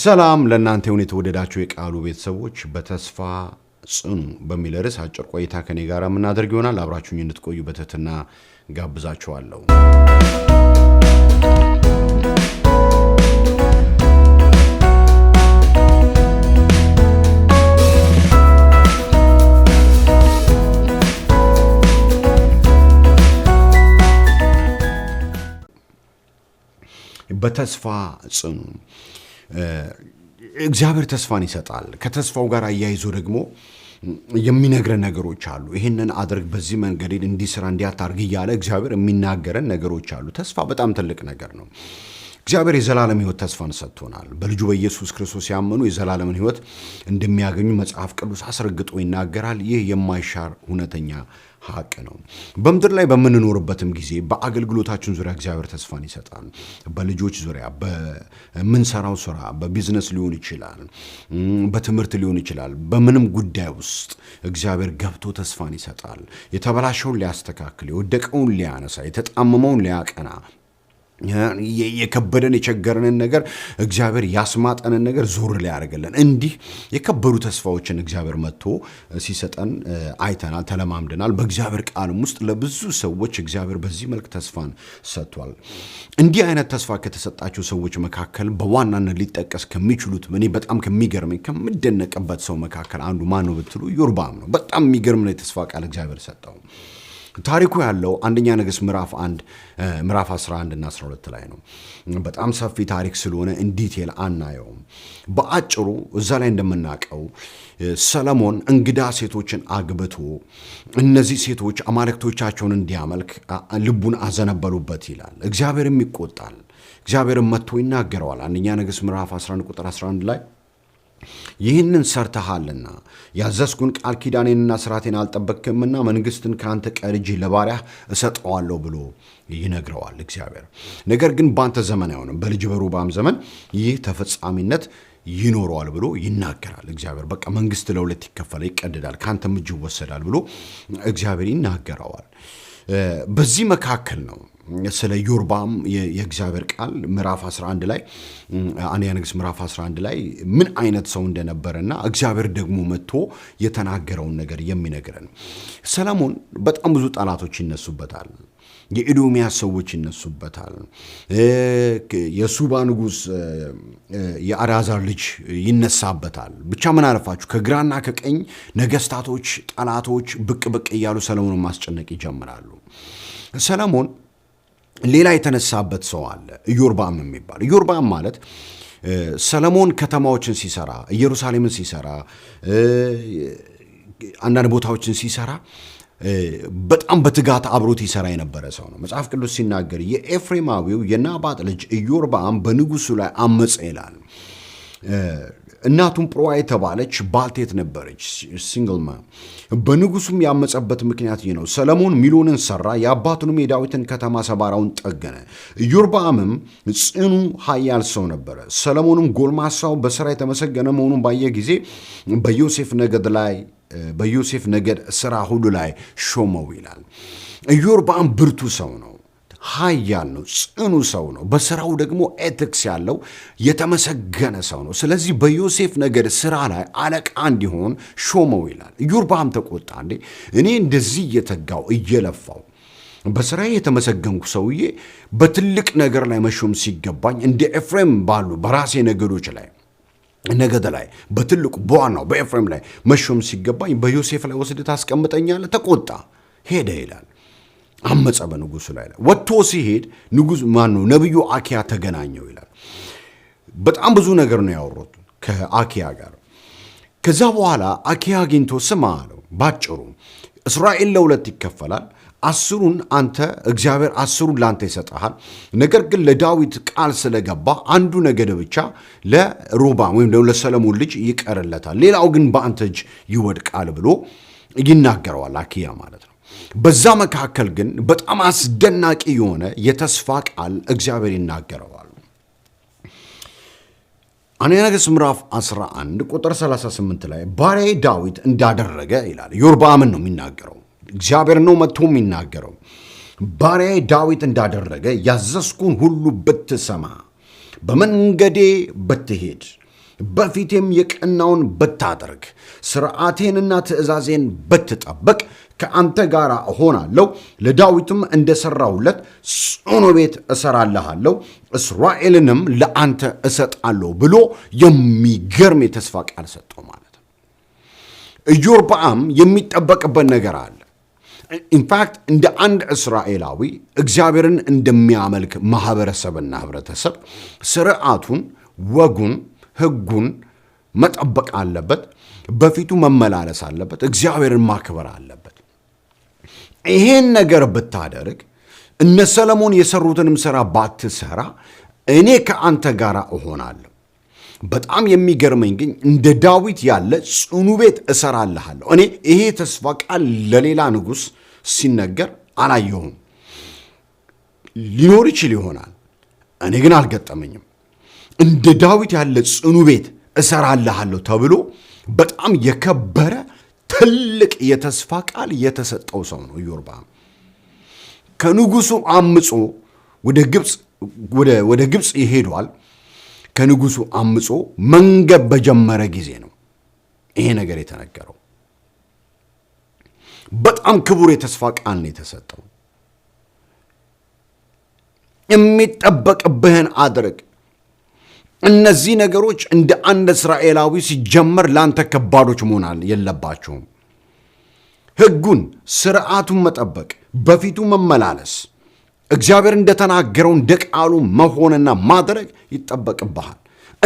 ሰላም ለእናንተ ይሁን የተወደዳችሁ የቃሉ ቤተሰቦች፣ በተስፋ ጽኑ በሚል ርዕስ አጭር ቆይታ ከኔ ጋር የምናደርግ ይሆናል። አብራችሁኝ እንድትቆዩ በትህትና ጋብዛችኋለሁ። በተስፋ ጽኑ እግዚአብሔር ተስፋን ይሰጣል። ከተስፋው ጋር አያይዞ ደግሞ የሚነግረን ነገሮች አሉ። ይህንን አድርግ፣ በዚህ መንገድ እንዲህ ስራ፣ እንዲያታርግ እያለ እግዚአብሔር የሚናገረን ነገሮች አሉ። ተስፋ በጣም ትልቅ ነገር ነው። እግዚአብሔር የዘላለም ሕይወት ተስፋን ሰጥቶናል። በልጁ በኢየሱስ ክርስቶስ ያመኑ የዘላለምን ሕይወት እንደሚያገኙ መጽሐፍ ቅዱስ አስረግጦ ይናገራል። ይህ የማይሻር እውነተኛ ሀቅ ነው። በምድር ላይ በምንኖርበትም ጊዜ በአገልግሎታችን ዙሪያ እግዚአብሔር ተስፋን ይሰጣል። በልጆች ዙሪያ፣ በምንሰራው ስራ፣ በቢዝነስ ሊሆን ይችላል፣ በትምህርት ሊሆን ይችላል። በምንም ጉዳይ ውስጥ እግዚአብሔር ገብቶ ተስፋን ይሰጣል። የተበላሸውን ሊያስተካክል፣ የወደቀውን ሊያነሳ፣ የተጣመመውን ሊያቀና የከበደን የቸገረንን ነገር እግዚአብሔር ያስማጠንን ነገር ዞር ላይ ያደርገለን። እንዲህ የከበዱ ተስፋዎችን እግዚአብሔር መጥቶ ሲሰጠን አይተናል፣ ተለማምደናል። በእግዚአብሔር ቃልም ውስጥ ለብዙ ሰዎች እግዚአብሔር በዚህ መልክ ተስፋን ሰጥቷል። እንዲህ አይነት ተስፋ ከተሰጣቸው ሰዎች መካከል በዋናነት ሊጠቀስ ከሚችሉት እኔ በጣም ከሚገርመኝ ከምደነቅበት ሰው መካከል አንዱ ማን ነው ብትሉ ዮርባም ነው። በጣም የሚገርም ነው የተስፋ ቃል እግዚአብሔር ሰጠው። ታሪኩ ያለው አንደኛ ነገሥት ምዕራፍ 1 ምዕራፍ 11 እና 12 ላይ ነው። በጣም ሰፊ ታሪክ ስለሆነ እንዲቴል አናየውም። በአጭሩ እዛ ላይ እንደምናውቀው ሰለሞን እንግዳ ሴቶችን አግብቶ እነዚህ ሴቶች አማልክቶቻቸውን እንዲያመልክ ልቡን አዘነበሉበት ይላል። እግዚአብሔርም ይቆጣል። እግዚአብሔርም መጥቶ ይናገረዋል። አንደኛ ነገሥት ምዕራፍ 11 ቁጥር 11 ላይ ይህንን ሰርተሃልና ያዘዝኩን ቃል ኪዳኔንና ስርዓቴን አልጠበቅክምና መንግስትን ከአንተ ቀልጅ ለባሪያህ እሰጠዋለሁ ብሎ ይነግረዋል እግዚአብሔር። ነገር ግን በአንተ ዘመን አይሆንም፣ በልጅ በሩባም ዘመን ይህ ተፈጻሚነት ይኖረዋል ብሎ ይናገራል እግዚአብሔር። በቃ መንግስት ለሁለት ይከፈላል፣ ይቀደዳል፣ ከአንተም እጅ ይወሰዳል ብሎ እግዚአብሔር ይናገረዋል። በዚህ መካከል ነው ስለ ዮርባም የእግዚአብሔር ቃል ምዕራፍ 11 ላይ አንያ ነገሥት ምዕራፍ 11 ላይ ምን አይነት ሰው እንደነበረና እግዚአብሔር ደግሞ መጥቶ የተናገረውን ነገር የሚነግረን። ሰለሞን በጣም ብዙ ጠላቶች ይነሱበታል። የኤዶሚያስ ሰዎች ይነሱበታል። የሱባ ንጉስ የአልዓዛር ልጅ ይነሳበታል። ብቻ ምን አለፋችሁ ከግራና ከቀኝ ነገስታቶች፣ ጠላቶች ብቅ ብቅ እያሉ ሰለሞንን ማስጨነቅ ይጀምራሉ። ሰለሞን ሌላ የተነሳበት ሰው አለ፣ ኢዮርባም ነው የሚባል። ኢዮርባም ማለት ሰለሞን ከተማዎችን ሲሰራ፣ ኢየሩሳሌምን ሲሰራ፣ አንዳንድ ቦታዎችን ሲሰራ በጣም በትጋት አብሮት ይሰራ የነበረ ሰው ነው። መጽሐፍ ቅዱስ ሲናገር የኤፍሬማዊው የናባጥ ልጅ ኢዮርባም በንጉሱ ላይ አመፀ ይላል። እናቱም ጵሮዋ የተባለች ባልቴት ነበረች። ሲንግልማ በንጉሱም ያመፀበት ምክንያት ይህ ነው። ሰለሞን ሚሎንን ሰራ፣ የአባቱንም የዳዊትን ከተማ ሰባራውን ጠገነ። ኢዮርብዓምም ጽኑ ኃያል ሰው ነበረ። ሰለሞንም ጎልማሳው በስራ የተመሰገነ መሆኑን ባየ ጊዜ በዮሴፍ ነገድ ላይ በዮሴፍ ነገድ ስራ ሁሉ ላይ ሾመው ይላል። ኢዮርብዓም ብርቱ ሰው ነው። ኃያል ነው፣ ጽኑ ሰው ነው። በስራው ደግሞ ኤትክስ ያለው የተመሰገነ ሰው ነው። ስለዚህ በዮሴፍ ነገድ ስራ ላይ አለቃ እንዲሆን ሾመው ይላል። ኢዮርብዓም ተቆጣ። እንዴ እኔ እንደዚህ እየተጋው እየለፋው በስራ የተመሰገንኩ ሰውዬ በትልቅ ነገር ላይ መሾም ሲገባኝ እንደ ኤፍሬም ባሉ በራሴ ነገዶች ላይ ነገደ ላይ በትልቁ በዋናው በኤፍሬም ላይ መሾም ሲገባኝ በዮሴፍ ላይ ወስደ ታስቀምጠኛለ። ተቆጣ፣ ሄደ ይላል። አመፀ በንጉሱ ላይ ወጥቶ ሲሄድ ንጉስ ማን ነው ነቢዩ አኪያ ተገናኘው ይላል። በጣም ብዙ ነገር ነው ያወሩት ከአኪያ ጋር። ከዛ በኋላ አኪያ አግኝቶ ስማ አለው። ባጭሩ እስራኤል ለሁለት ይከፈላል። አስሩን አንተ እግዚአብሔር አስሩን ለአንተ ይሰጠሃል። ነገር ግን ለዳዊት ቃል ስለገባ አንዱ ነገድ ብቻ ለሮባም ወይም ደግሞ ለሰለሞን ልጅ ይቀርለታል፣ ሌላው ግን በአንተ እጅ ይወድቃል ብሎ ይናገረዋል አኪያ ማለት ነው። በዛ መካከል ግን በጣም አስደናቂ የሆነ የተስፋ ቃል እግዚአብሔር ይናገረዋል። አንደኛ ነገሥት ምዕራፍ 11 ቁጥር 38 ላይ ባሪያዬ ዳዊት እንዳደረገ ይላል። ዮርብዓምን ነው የሚናገረው፣ እግዚአብሔር ነው መጥቶ የሚናገረው። ባሪያዬ ዳዊት እንዳደረገ ያዘዝኩን ሁሉ ብትሰማ፣ በመንገዴ ብትሄድ፣ በፊቴም የቀናውን ብታደርግ፣ ስርዓቴንና ትእዛዜን ብትጠብቅ ከአንተ ጋር እሆናለሁ፣ ለዳዊትም እንደሰራሁለት ጽኑ ቤት እሰራልሃለሁ፣ እስራኤልንም ለአንተ እሰጣለሁ ብሎ የሚገርም የተስፋ ቃል ሰጠው ማለት ነው። ኢዮርብዓም የሚጠበቅበት ነገር አለ። ኢንፋክት እንደ አንድ እስራኤላዊ እግዚአብሔርን እንደሚያመልክ ማህበረሰብና ህብረተሰብ ስርዓቱን፣ ወጉን፣ ህጉን መጠበቅ አለበት። በፊቱ መመላለስ አለበት። እግዚአብሔርን ማክበር አለበት። ይሄን ነገር ብታደርግ እነ ሰለሞን የሰሩትንም ስራ ባትሰራ እኔ ከአንተ ጋር እሆናለሁ። በጣም የሚገርመኝ ግን እንደ ዳዊት ያለ ጽኑ ቤት እሰራልሃለሁ። እኔ ይሄ ተስፋ ቃል ለሌላ ንጉሥ ሲነገር አላየሁም። ሊኖር ይችል ይሆናል፣ እኔ ግን አልገጠመኝም። እንደ ዳዊት ያለ ጽኑ ቤት እሰራልሃለሁ ተብሎ በጣም የከበረ ትልቅ የተስፋ ቃል የተሰጠው ሰው ነው ኢዮርብዓም። ከንጉሱ አምጾ ወደ ግብፅ ይሄዷል። ከንጉሱ አምጾ መንገብ በጀመረ ጊዜ ነው ይሄ ነገር የተነገረው። በጣም ክቡር የተስፋ ቃል ነው የተሰጠው። የሚጠበቅብህን አድርግ። እነዚህ ነገሮች እንደ አንድ እስራኤላዊ ሲጀመር ለአንተ ከባዶች መሆናል የለባቸውም። ሕጉን ስርዓቱን መጠበቅ፣ በፊቱ መመላለስ፣ እግዚአብሔር እንደተናገረው እንደ ቃሉ መሆንና ማድረግ ይጠበቅብሃል።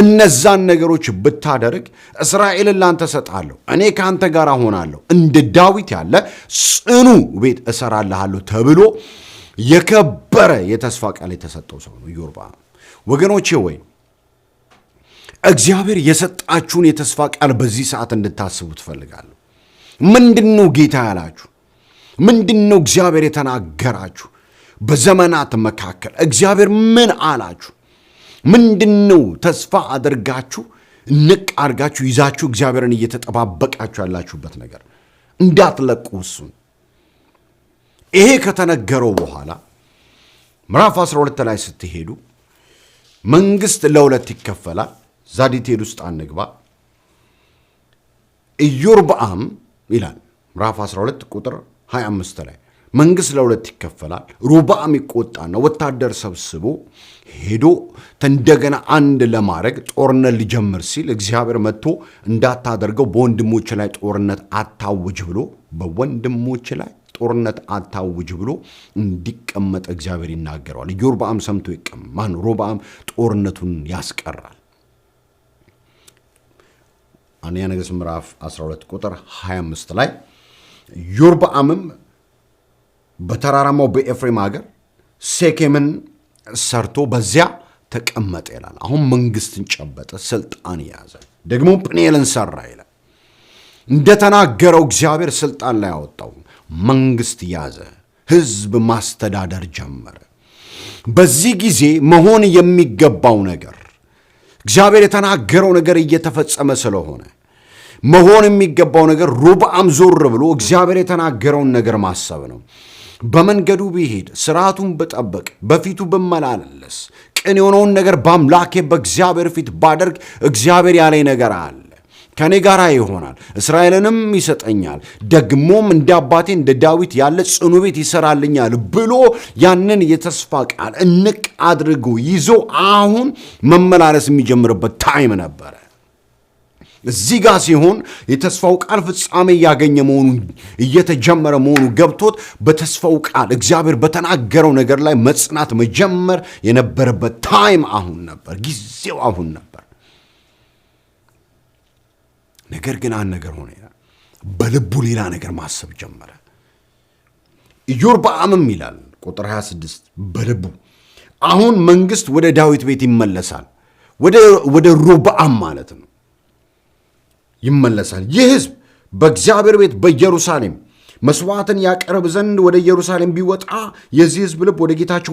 እነዛን ነገሮች ብታደርግ እስራኤልን ላንተ እሰጣለሁ፣ እኔ ከአንተ ጋር ሆናለሁ፣ እንደ ዳዊት ያለ ጽኑ ቤት እሰራልሃለሁ ተብሎ የከበረ የተስፋ ቃል የተሰጠው ሰው ነው ኢዮርብዓም። ወገኖቼ ወይ እግዚአብሔር የሰጣችሁን የተስፋ ቃል በዚህ ሰዓት እንድታስቡ ትፈልጋለሁ። ምንድን ነው ጌታ ያላችሁ? ምንድን ነው እግዚአብሔር የተናገራችሁ? በዘመናት መካከል እግዚአብሔር ምን አላችሁ? ምንድን ነው ተስፋ አድርጋችሁ ንቅ አድርጋችሁ ይዛችሁ እግዚአብሔርን እየተጠባበቃችሁ ያላችሁበት ነገር እንዳትለቁ እሱን። ይሄ ከተነገረው በኋላ ምዕራፍ 12 ላይ ስትሄዱ መንግስት ለሁለት ይከፈላል። እዛ ዲቴል ውስጥ አንግባ። ኢዮርብአም ይላል ምዕራፍ 12 ቁጥር 25 ላይ መንግሥት ለሁለት ይከፈላል። ሩብአም ይቆጣና ወታደር ሰብስቦ ሄዶ እንደገና አንድ ለማድረግ ጦርነት ሊጀምር ሲል እግዚአብሔር መጥቶ እንዳታደርገው በወንድሞች ላይ ጦርነት አታውጅ ብሎ በወንድሞች ላይ ጦርነት አታውጅ ብሎ እንዲቀመጥ እግዚአብሔር ይናገረዋል። ኢዮርብዓም ሰምቶ ይቀመጥ። ማን ሮብዓም ጦርነቱን ያስቀራል። አንደኛ ነገሥት ምዕራፍ 12 ቁጥር 25 ላይ ዮርብዓምም በተራራማው በኤፍሬም ሀገር ሴኬምን ሰርቶ በዚያ ተቀመጠ ይላል። አሁን መንግስትን ጨበጠ፣ ስልጣን የያዘ ደግሞ ጵኒኤልን ሰራ ይላል። እንደተናገረው እግዚአብሔር ስልጣን ላይ ያወጣው መንግስት ያዘ፣ ህዝብ ማስተዳደር ጀመረ። በዚህ ጊዜ መሆን የሚገባው ነገር እግዚአብሔር የተናገረው ነገር እየተፈጸመ ስለሆነ መሆን የሚገባው ነገር ሮብዓም ዞር ብሎ እግዚአብሔር የተናገረውን ነገር ማሰብ ነው። በመንገዱ ብሄድ ስርዓቱን በጠበቅ በፊቱ በመላለስ ቅን የሆነውን ነገር በአምላኬ በእግዚአብሔር ፊት ባደርግ እግዚአብሔር ያለኝ ነገር አለ ከኔ ጋር ይሆናል፣ እስራኤልንም ይሰጠኛል፣ ደግሞም እንደ አባቴ እንደ ዳዊት ያለ ጽኑ ቤት ይሰራልኛል ብሎ ያንን የተስፋ ቃል እንቅ አድርጎ ይዞ አሁን መመላለስ የሚጀምርበት ታይም ነበረ። እዚህ ጋር ሲሆን የተስፋው ቃል ፍጻሜ እያገኘ መሆኑ እየተጀመረ መሆኑ ገብቶት በተስፋው ቃል እግዚአብሔር በተናገረው ነገር ላይ መጽናት መጀመር የነበረበት ታይም አሁን ነበር፣ ጊዜው አሁን ነበር። ነገር ግን አንድ ነገር ሆነ ይላል። በልቡ ሌላ ነገር ማሰብ ጀመረ። ኢዮርብዓምም ይላል ቁጥር 26 በልቡ አሁን መንግስት ወደ ዳዊት ቤት ይመለሳል፣ ወደ ሮብዓም ማለት ነው ይመለሳል። ይህ ህዝብ በእግዚአብሔር ቤት በኢየሩሳሌም መስዋዕትን ያቀርብ ዘንድ ወደ ኢየሩሳሌም ቢወጣ የዚህ ህዝብ ልብ ወደ ጌታቸው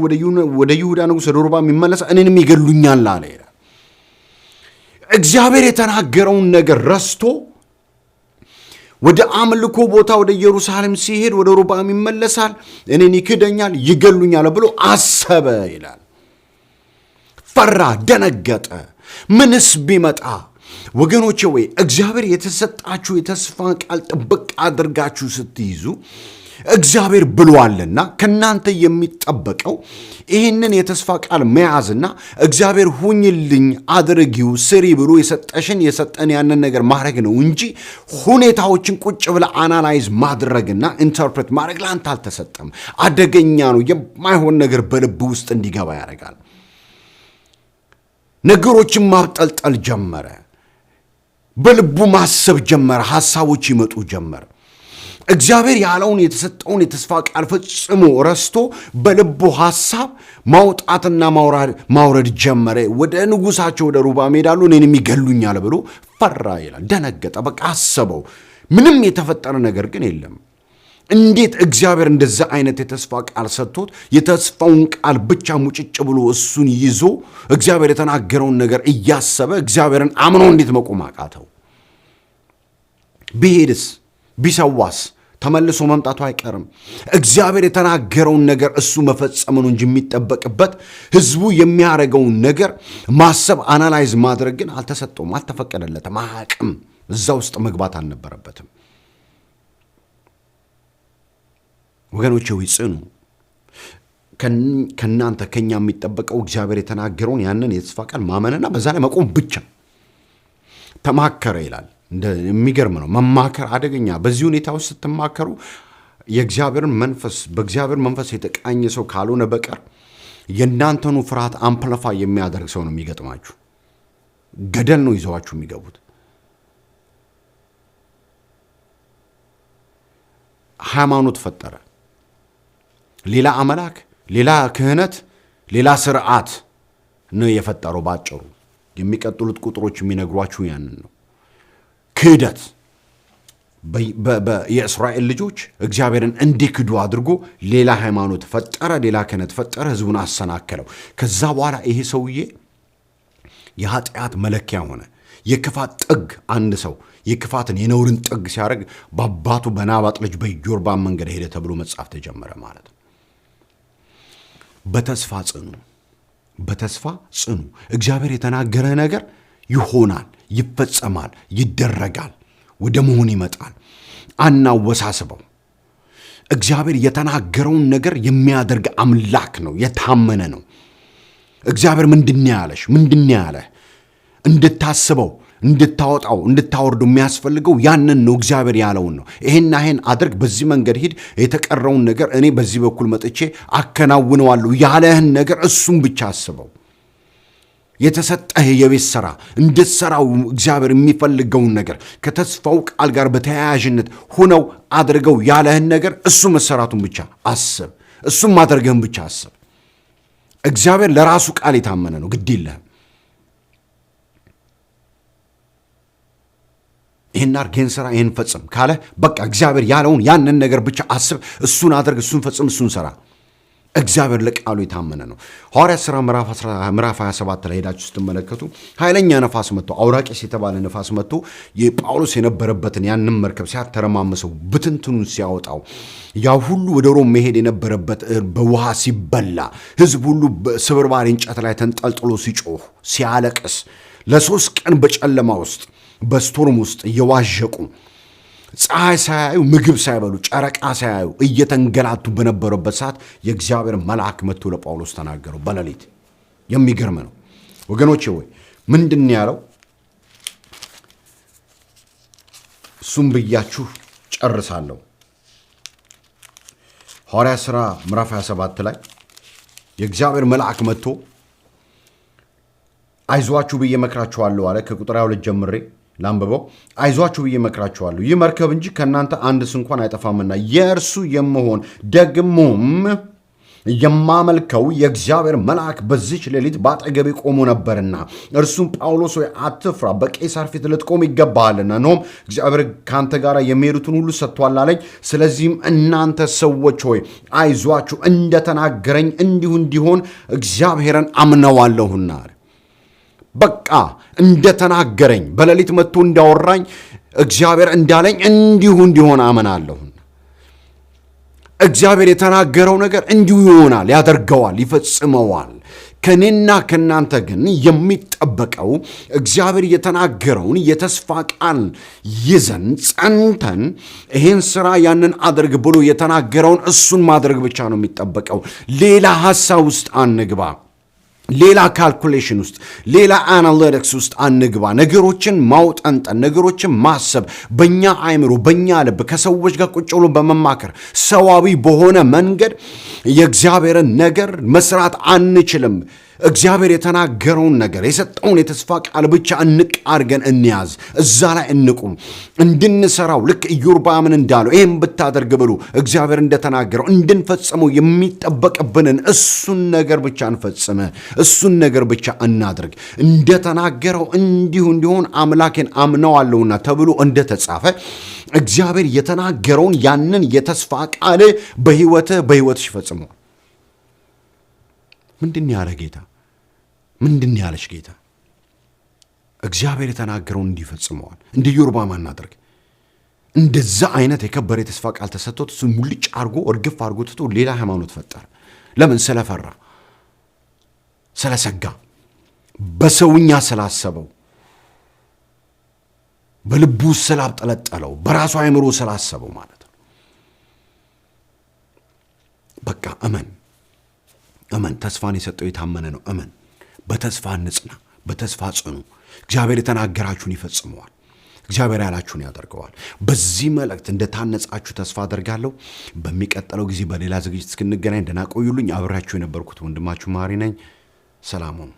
ወደ ይሁዳ ንጉሥ ወደ ሮባም ይመለሳል፣ እኔንም ይገሉኛል አለ ይላል። እግዚአብሔር የተናገረውን ነገር ረስቶ ወደ አምልኮ ቦታ ወደ ኢየሩሳሌም ሲሄድ ወደ ሮባም ይመለሳል፣ እኔን ይክደኛል፣ ይገሉኛል ብሎ አሰበ ይላል። ፈራ፣ ደነገጠ። ምንስ ቢመጣ ወገኖቼ ወይ እግዚአብሔር የተሰጣችሁ የተስፋ ቃል ጥብቅ አድርጋችሁ ስትይዙ እግዚአብሔር ብሏልና ከእናንተ የሚጠበቀው ይህንን የተስፋ ቃል መያዝና እግዚአብሔር ሁኝልኝ፣ አድርጊው፣ ስሪ ብሎ የሰጠሽን የሰጠን ያንን ነገር ማድረግ ነው እንጂ ሁኔታዎችን ቁጭ ብለ አናላይዝ ማድረግና ኢንተርፕሬት ማድረግ ለአንተ አልተሰጠም። አደገኛ ነው። የማይሆን ነገር በልብ ውስጥ እንዲገባ ያደርጋል። ነገሮችን ማብጠልጠል ጀመረ። በልቡ ማሰብ ጀመረ። ሐሳቦች ይመጡ ጀመር። እግዚአብሔር ያለውን የተሰጠውን የተስፋ ቃል ፈጽሞ ረስቶ በልቡ ሐሳብ ማውጣትና ማውረድ ጀመረ። ወደ ንጉሳቸው ወደ ሩባ ሄዳሉ እኔንም ይገሉኛል ብሎ ፈራ ይላል። ደነገጠ። በቃ አሰበው። ምንም የተፈጠረ ነገር ግን የለም። እንዴት እግዚአብሔር እንደዛ አይነት የተስፋ ቃል ሰጥቶት የተስፋውን ቃል ብቻ ሙጭጭ ብሎ እሱን ይዞ እግዚአብሔር የተናገረውን ነገር እያሰበ እግዚአብሔርን አምኖ እንዴት መቆም አቃተው? ቢሄድስ ቢሰዋስ ተመልሶ መምጣቱ አይቀርም። እግዚአብሔር የተናገረውን ነገር እሱ መፈጸም ነው እንጂ የሚጠበቅበት ህዝቡ የሚያደርገውን ነገር ማሰብ አናላይዝ ማድረግ ግን አልተሰጠውም፣ አልተፈቀደለትም፣ አቅም እዛ ውስጥ መግባት አልነበረበትም። ወገኖች ሆይ ጽኑ። ከእናንተ ከኛ የሚጠበቀው እግዚአብሔር የተናገረውን ያንን የተስፋ ቃል ማመንና በዛ ላይ መቆም ብቻ። ተማከረ ይላል። የሚገርም ነው መማከር አደገኛ። በዚህ ሁኔታ ውስጥ ስትማከሩ የእግዚአብሔርን መንፈስ በእግዚአብሔር መንፈስ የተቃኘ ሰው ካልሆነ በቀር የእናንተኑ ፍርሃት አምፕለፋ የሚያደርግ ሰው ነው የሚገጥማችሁ። ገደል ነው ይዘዋችሁ የሚገቡት። ሃይማኖት ፈጠረ ሌላ አመላክ፣ ሌላ ክህነት፣ ሌላ ስርዓት ነው የፈጠረው። ባጭሩ የሚቀጥሉት ቁጥሮች የሚነግሯችሁ ያንን ነው። ክህደት የእስራኤል ልጆች እግዚአብሔርን እንዲክዱ አድርጎ ሌላ ሃይማኖት ፈጠረ፣ ሌላ ክህነት ፈጠረ፣ ህዝቡን አሰናከለው። ከዛ በኋላ ይሄ ሰውዬ የኃጢአት መለኪያ ሆነ። የክፋት ጥግ አንድ ሰው የክፋትን የነውርን ጥግ ሲያደርግ በአባቱ በናባጥ ልጅ በኢዮርብዓም መንገድ ሄደ ተብሎ መጻፍ ተጀመረ ማለት ነው። በተስፋ ጽኑ፣ በተስፋ ጽኑ። እግዚአብሔር የተናገረ ነገር ይሆናል፣ ይፈጸማል፣ ይደረጋል፣ ወደ መሆን ይመጣል። አናወሳስበው። እግዚአብሔር የተናገረውን ነገር የሚያደርግ አምላክ ነው፣ የታመነ ነው። እግዚአብሔር ምንድን ያለሽ ምንድን ያለህ እንድታስበው እንድታወጣው እንድታወርደው የሚያስፈልገው ያንን ነው። እግዚአብሔር ያለውን ነው። ይሄና ይሄን አድርግ፣ በዚህ መንገድ ሂድ፣ የተቀረውን ነገር እኔ በዚህ በኩል መጥቼ አከናውነዋለሁ ያለህን ነገር እሱን ብቻ አስበው። የተሰጠህ የቤት ስራ እንድትሰራው እግዚአብሔር የሚፈልገውን ነገር ከተስፋው ቃል ጋር በተያያዥነት ሆነው አድርገው ያለህን ነገር እሱ መሰራቱን ብቻ አስብ። እሱም ማድረግህን ብቻ አስብ። እግዚአብሔር ለራሱ ቃል የታመነ ነው። ግድ የለህም። ይህን አድርግ፣ ይህን ስራ፣ ይህን ፈጽም ካለ በቃ እግዚአብሔር ያለውን ያንን ነገር ብቻ አስብ፣ እሱን አድርግ፣ እሱን ፈጽም፣ እሱን ስራ። እግዚአብሔር ለቃሉ የታመነ ነው። ሐዋርያት ሥራ ምዕራፍ 27 ላይ ሄዳችሁ ስትመለከቱ ኃይለኛ ነፋስ መጥቶ አውራቂስ የተባለ ነፋስ መጥቶ የጳውሎስ የነበረበትን ያንን መርከብ ሲያተረማመሰው ብትንትኑን ሲያወጣው ያ ሁሉ ወደ ሮም መሄድ የነበረበት በውሃ ሲበላ ሕዝብ ሁሉ ስብርባሪ እንጨት ላይ ተንጠልጥሎ ሲጮህ ሲያለቅስ ለሶስት ቀን በጨለማ ውስጥ በስቶርም ውስጥ እየዋዠቁ ፀሐይ ሳያዩ ምግብ ሳይበሉ ጨረቃ ሳያዩ እየተንገላቱ በነበረበት ሰዓት የእግዚአብሔር መልአክ መጥቶ ለጳውሎስ ተናገረው በሌሊት። የሚገርም ነው ወገኖቼ። ወይ ምንድን ያለው እሱም ብያችሁ ጨርሳለሁ። ሐዋርያ ሥራ ምዕራፍ 27 ላይ የእግዚአብሔር መልአክ መጥቶ አይዟችሁ ብዬ መክራችኋለሁ አለ። ከቁጥር 22 ጀምሬ ላንብበው። አይዟችሁ ብዬ እመክራችኋለሁ። ይህ መርከብ እንጂ ከእናንተ አንድስ እንኳን አይጠፋምና የእርሱ የምሆን ደግሞም የማመልከው የእግዚአብሔር መልአክ በዚች ሌሊት በአጠገቤ ቆሞ ነበርና፣ እርሱም ጳውሎስ ወይ አትፍራ፣ በቄሳር ፊት ልትቆም ይገባሃልና፣ እነሆም እግዚአብሔር ከአንተ ጋር የሚሄዱትን ሁሉ ሰጥቷል አለኝ። ስለዚህም እናንተ ሰዎች ሆይ አይዟችሁ፣ እንደተናገረኝ እንዲሁ እንዲሆን እግዚአብሔርን አምነዋለሁና በቃ እንደተናገረኝ በሌሊት መጥቶ እንዳወራኝ እግዚአብሔር እንዳለኝ እንዲሁ እንዲሆን አመናለሁ። እግዚአብሔር የተናገረው ነገር እንዲሁ ይሆናል፣ ያደርገዋል፣ ይፈጽመዋል። ከእኔና ከእናንተ ግን የሚጠበቀው እግዚአብሔር የተናገረውን የተስፋ ቃል ይዘን ጸንተን ይህን ስራ ያንን አድርግ ብሎ የተናገረውን እሱን ማድረግ ብቻ ነው የሚጠበቀው። ሌላ ሀሳብ ውስጥ አንግባ። ሌላ ካልኩሌሽን ውስጥ ሌላ አናሊቲክስ ውስጥ አንግባ። ነገሮችን ማውጠንጠን፣ ነገሮችን ማሰብ፣ በእኛ አይምሮ፣ በእኛ ልብ ከሰዎች ጋር ቁጭ ብሎ በመማከር ሰዋዊ በሆነ መንገድ የእግዚአብሔርን ነገር መስራት አንችልም። እግዚአብሔር የተናገረውን ነገር የሰጠውን የተስፋ ቃል ብቻ እንቅ አድርገን እንያዝ። እዛ ላይ እንቁም እንድንሰራው ልክ ኢዮርብዓምን እንዳለው ይህም ብታደርግ ብሉ እግዚአብሔር እንደተናገረው እንድንፈጽመው የሚጠበቅብንን እሱን ነገር ብቻ እንፈጽመ፣ እሱን ነገር ብቻ እናድርግ። እንደተናገረው እንዲሁ እንዲሆን አምላኬን አምነዋለሁና ተብሎ እንደተጻፈ እግዚአብሔር የተናገረውን ያንን የተስፋ ቃል በህይወት በህይወት ፈጽመዋል። ምንድን ያለ ጌታ ምንድን ያለች ጌታ እግዚአብሔር የተናገረውን እንዲፈጽመዋል። እንደ ዮርባም አናደርግ። እንደዛ አይነት የከበረ የተስፋ ቃል ተሰጥቶት እሱን ሙልጭ አርጎ እርግፍ አርጎ ትቶ ሌላ ሃይማኖት ፈጠረ። ለምን? ስለፈራ፣ ስለሰጋ፣ በሰውኛ ስላሰበው፣ በልቡ ስላብጠለጠለው፣ በራሱ አእምሮ ስላሰበው ማለት ነው። በቃ እመን እመን። ተስፋን የሰጠው የታመነ ነው። እመን። በተስፋ ንጽና በተስፋ ጽኑ። እግዚአብሔር የተናገራችሁን ይፈጽመዋል። እግዚአብሔር ያላችሁን ያደርገዋል። በዚህ መልእክት እንደታነጻችሁ ተስፋ አደርጋለሁ። በሚቀጥለው ጊዜ በሌላ ዝግጅት እስክንገናኝ ደህና ቆዩልኝ። አብሬያችሁ የነበርኩት ወንድማችሁ መሃሪ ነኝ። ሰላም